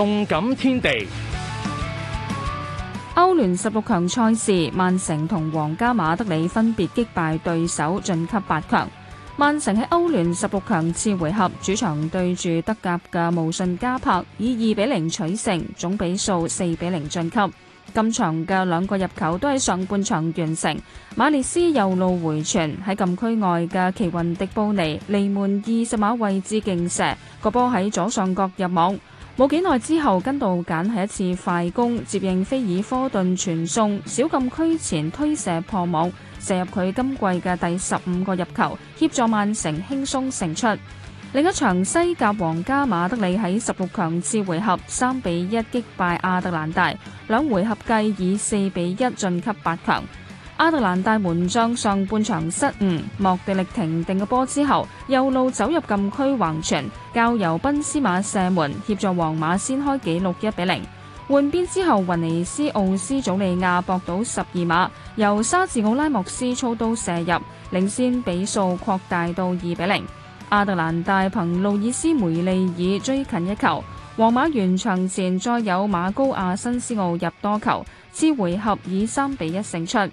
動感天地。歐聯十六強賽事，曼城同皇家馬德里分別擊敗對手晉級八強。曼城喺歐聯十六強次回合主場對住德甲嘅慕遜加柏，以二比零取勝，總比數四比零晉級。今場嘅兩個入球都喺上半場完成。馬列斯右路回傳喺禁區外嘅奇雲迪布尼，離門二十碼位置勁射個波喺左上角入網。冇幾耐之後，根道簡喺一次快攻接應菲爾科頓傳送，小禁區前推射破網，射入佢今季嘅第十五個入球，協助曼城輕鬆勝出。另一場西甲皇家馬德里喺十六強次回合三比一擊敗阿特蘭大，兩回合計以四比一晉級八強。阿特蘭大門將上半場失誤，莫地力停定個波之後，右路走入禁區橫傳，交由賓斯馬射門協助皇馬先開紀錄一比零。換邊之後，雲尼斯奧斯祖利亞搏到十二碼，由沙治奧拉莫斯操刀射入，領先比數擴大到二比零。亞特蘭大憑路易斯梅利爾追近一球，皇馬完場前再有馬高亞新斯奧入多球，次回合以三比一勝出。